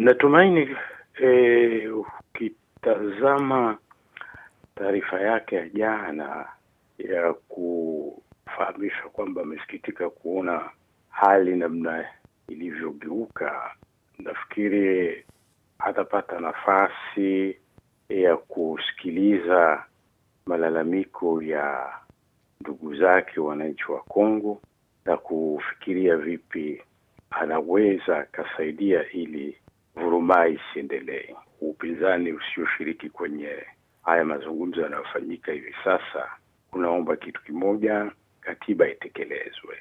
Natumaini e, ukitazama taarifa yake ya jana ya kufahamisha kwamba amesikitika kuona hali namna ilivyogeuka, nafikiri atapata nafasi ya kusikiliza malalamiko ya ndugu zake wananchi wa Kongo na kufikiria vipi anaweza akasaidia ili Ijumaa isiendelee, upinzani usioshiriki kwenye haya mazungumzo yanayofanyika hivi sasa unaomba kitu kimoja, katiba itekelezwe.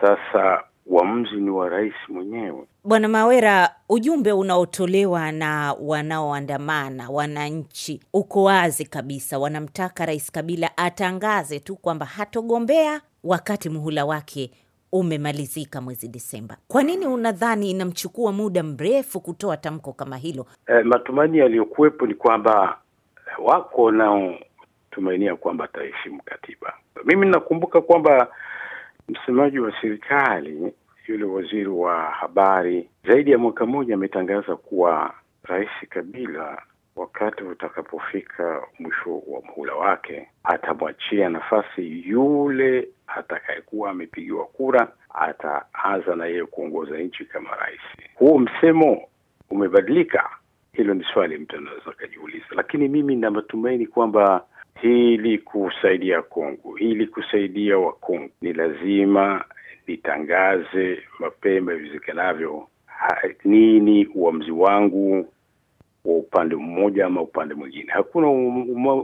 Sasa wamzi ni wa rais mwenyewe. Bwana Mawera, ujumbe unaotolewa na wanaoandamana wananchi uko wazi kabisa, wanamtaka Rais Kabila atangaze tu kwamba hatogombea wakati muhula wake umemalizika mwezi disemba Kwa nini unadhani inamchukua muda mrefu kutoa tamko kama hilo? E, matumaini yaliyokuwepo ni kwamba eh, wako wanaotumainia kwamba ataheshimu katiba. Mimi nakumbuka kwamba msemaji wa serikali yule waziri wa habari zaidi ya mwaka mmoja ametangaza kuwa Rais Kabila wakati utakapofika mwisho wa muhula wake atamwachia nafasi yule atakayekuwa amepigiwa kura ataanza na yeye kuongoza nchi kama rais. Huo msemo umebadilika? Hilo ni swali mtu anaweza akajiuliza, lakini mimi na matumaini kwamba hili kusaidia Kongo, hili kusaidia Wakongo ni lazima nitangaze mapema iwezekanavyo nini uamuzi wangu wa upande mmoja ama upande mwingine. Hakuna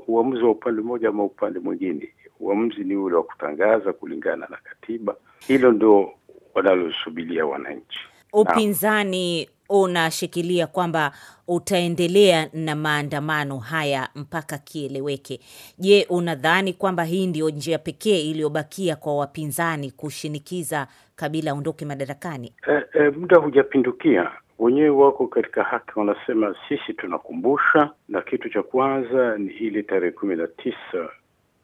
uamuzi wa upande mmoja ama upande mwingine. Uamuzi ni ule wa kutangaza kulingana na katiba. Hilo ndio wanalosubilia wananchi. Upinzani unashikilia kwamba utaendelea na maandamano haya mpaka kieleweke. Je, unadhani kwamba hii ndiyo njia pekee iliyobakia kwa wapinzani kushinikiza Kabila aondoke madarakani? E, e, muda hujapindukia wenyewe wako katika haki, wanasema sisi tunakumbusha, na kitu cha kwanza ni ile tarehe kumi na tisa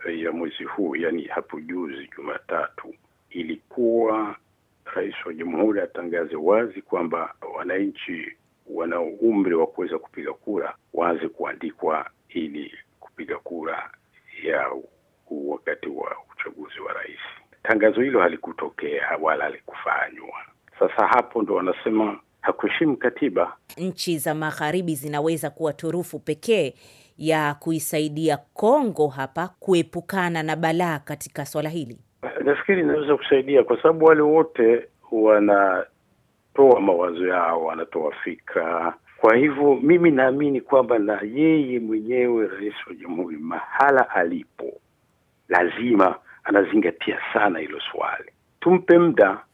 eh, ya mwezi huu, yani hapo juzi Jumatatu, ilikuwa rais wa jamhuri atangaze wazi kwamba wananchi wana umri wa kuweza kupiga kura waanze kuandikwa ili kupiga kura ya wakati wa uchaguzi wa rais. Tangazo hilo halikutokea wala halikufanywa. Sasa hapo ndo wanasema hakuheshimu katiba. Nchi za magharibi zinaweza kuwa turufu pekee ya kuisaidia Kongo hapa kuepukana na balaa katika swala hili. Nafikiri inaweza kusaidia kwa sababu wale wote wanatoa mawazo yao, wanatoa fikra. Kwa hivyo mimi naamini kwamba na yeye mwenyewe rais wa jamhuri mahala alipo lazima anazingatia sana hilo swali. Tumpe muda,